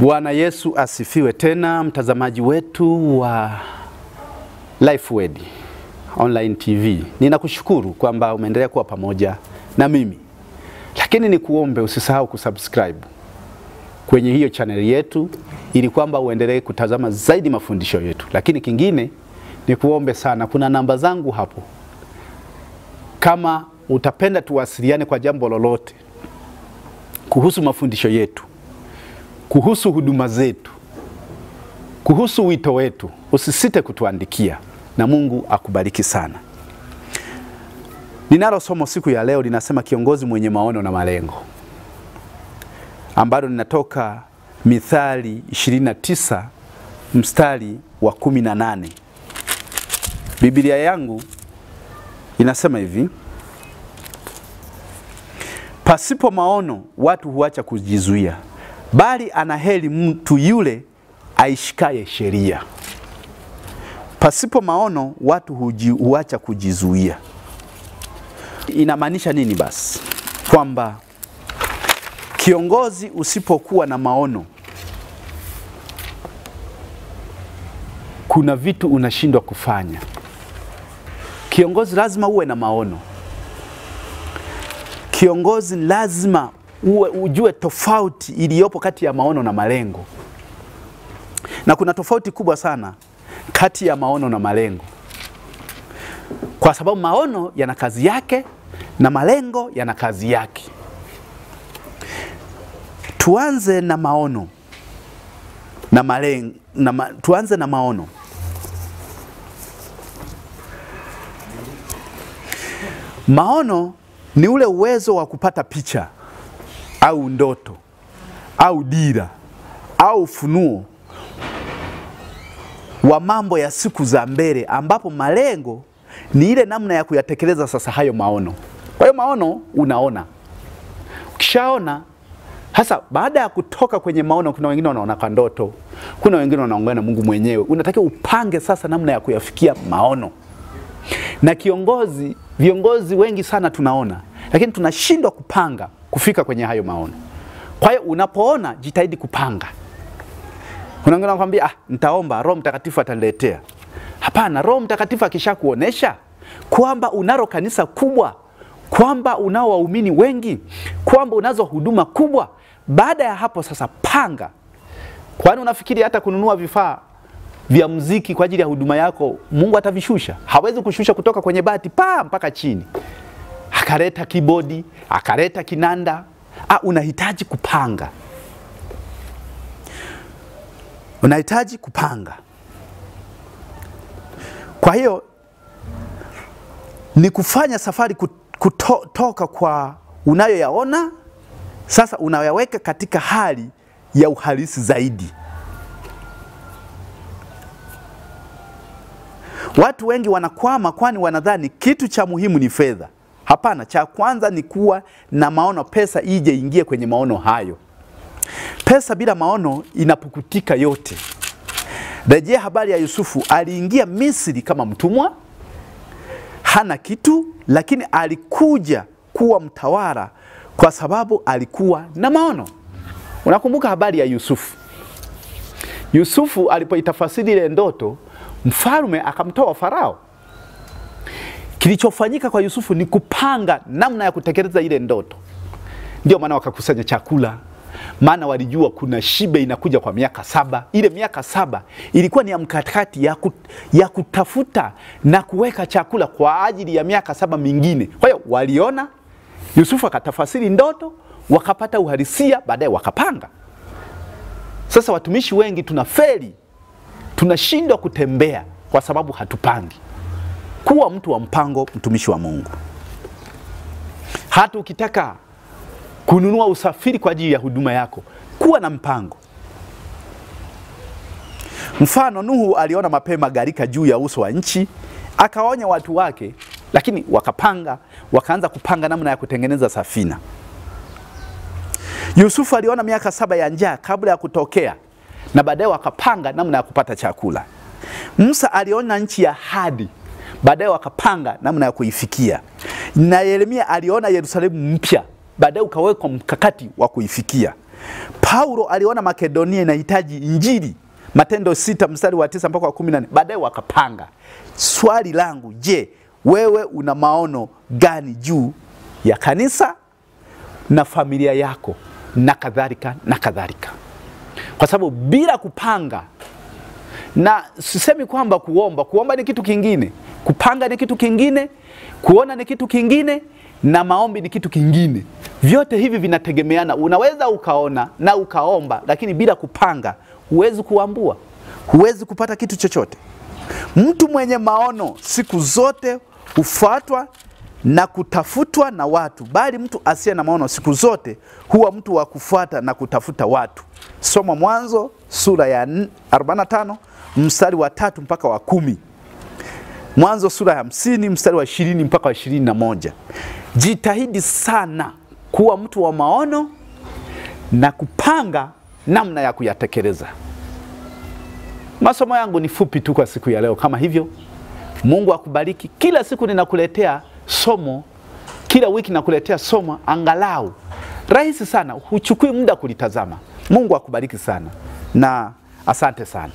Bwana Yesu asifiwe. Tena mtazamaji wetu wa Lifewed Online TV, ninakushukuru kwamba umeendelea kuwa pamoja na mimi, lakini nikuombe usisahau kusubscribe kwenye hiyo chaneli yetu, ili kwamba uendelee kutazama zaidi mafundisho yetu. Lakini kingine nikuombe sana, kuna namba zangu hapo, kama utapenda tuwasiliane kwa jambo lolote kuhusu mafundisho yetu kuhusu huduma zetu, kuhusu wito wetu, usisite kutuandikia na Mungu akubariki sana. Ninalo somo siku ya leo linasema kiongozi mwenye maono na malengo, ambalo linatoka Mithali 29 mstari wa 18. Biblia yangu inasema hivi: pasipo maono watu huacha kujizuia bali anaheri mtu yule aishikaye sheria. Pasipo maono watu huji, huacha kujizuia. Inamaanisha nini basi? Kwamba kiongozi usipokuwa na maono, kuna vitu unashindwa kufanya. Kiongozi lazima uwe na maono. Kiongozi lazima uwe, ujue tofauti iliyopo kati ya maono na malengo. Na kuna tofauti kubwa sana kati ya maono na malengo, kwa sababu maono yana kazi yake na malengo yana kazi yake. Tuanze na maono na malengo, na ma, tuanze na maono. Maono ni ule uwezo wa kupata picha au ndoto au dira au ufunuo wa mambo ya siku za mbele, ambapo malengo ni ile namna ya kuyatekeleza sasa hayo maono. Kwa hiyo maono unaona, ukishaona hasa baada ya kutoka kwenye maono, kuna wengine wanaona kwa ndoto, kuna wengine wanaongea na Mungu mwenyewe. Unatakiwa upange sasa namna ya kuyafikia maono. Na kiongozi, viongozi wengi sana tunaona, lakini tunashindwa kupanga kufika kwenye hayo maono. Kwa hiyo unapoona, jitahidi kupanga. Unaangalia kwambia, ah, nitaomba Roho Mtakatifu ataniletea. Hapana, Roho Mtakatifu akishakuonesha kwamba unalo kanisa kubwa, kwamba unao waumini wengi, kwamba unazo huduma kubwa, baada ya hapo sasa panga. Kwani unafikiri hata kununua vifaa vya mziki kwa ajili ya huduma yako Mungu atavishusha? Hawezi kushusha kutoka kwenye bati pa mpaka chini akaleta kibodi, akaleta kinanda. a ah, unahitaji kupanga, unahitaji kupanga. Kwa hiyo ni kufanya safari kutoka kwa unayoyaona, sasa unayaweka katika hali ya uhalisi zaidi. Watu wengi wanakwama, kwani wanadhani kitu cha muhimu ni fedha. Hapana, cha kwanza ni kuwa na maono, pesa ije ingie kwenye maono hayo. Pesa bila maono inapukutika yote. Rejea habari ya Yusufu, aliingia Misri kama mtumwa, hana kitu, lakini alikuja kuwa mtawala kwa sababu alikuwa na maono. Unakumbuka habari ya Yusufu? Yusufu alipoitafasiri ile ndoto, mfalme akamtoa Farao Kilichofanyika kwa Yusufu ni kupanga namna ya kutekeleza ile ndoto. Ndio maana wakakusanya chakula, maana walijua kuna shibe inakuja kwa miaka saba. Ile miaka saba ilikuwa ni ya mkakati ya, kut, ya kutafuta na kuweka chakula kwa ajili ya miaka saba mingine. Kwa hiyo waliona Yusufu akatafasiri ndoto, wakapata uhalisia, baadaye wakapanga. Sasa watumishi wengi tuna tunashindwa kutembea kwa sababu hatupangi. Kuwa mtu wa mpango, mtumishi wa Mungu. Hata ukitaka kununua usafiri kwa ajili ya huduma yako, kuwa na mpango. Mfano, Nuhu aliona mapema gharika juu ya uso wa nchi, akaonya watu wake, lakini wakapanga, wakaanza kupanga namna ya kutengeneza safina. Yusufu aliona miaka saba ya njaa kabla ya kutokea na baadaye wakapanga namna ya kupata chakula. Musa aliona nchi ya ahadi baadaye wakapanga namna ya kuifikia. Na Yeremia aliona Yerusalemu mpya, baadaye ukawekwa mkakati wa kuifikia. Paulo aliona Makedonia inahitaji Injili, Matendo sita mstari wa tisa mpaka wa kumi na nne baadaye wakapanga. Swali langu, je, wewe una maono gani juu ya kanisa na familia yako na kadhalika na kadhalika? Kwa sababu bila kupanga na sisemi kwamba kuomba, kuomba ni kitu kingine, kupanga ni kitu kingine, kuona ni kitu kingine na maombi ni kitu kingine. Vyote hivi vinategemeana. Unaweza ukaona na ukaomba, lakini bila kupanga huwezi kuambua, huwezi kupata kitu chochote. Mtu mwenye maono siku zote hufuatwa na kutafutwa na watu, bali mtu asiye na maono siku zote huwa mtu wa kufuata na kutafuta watu. Soma Mwanzo sura ya 45 mstari wa tatu mpaka wa kumi. Mwanzo sura ya hamsini mstari wa ishirini mpaka wa ishirini na moja. Jitahidi sana kuwa mtu wa maono na kupanga namna ya kuyatekeleza. Masomo yangu ni fupi tu kwa siku ya leo kama hivyo. Mungu akubariki. Kila siku ninakuletea somo kila wiki, nakuletea somo angalau rahisi sana, huchukui muda kulitazama. Mungu akubariki sana na asante sana.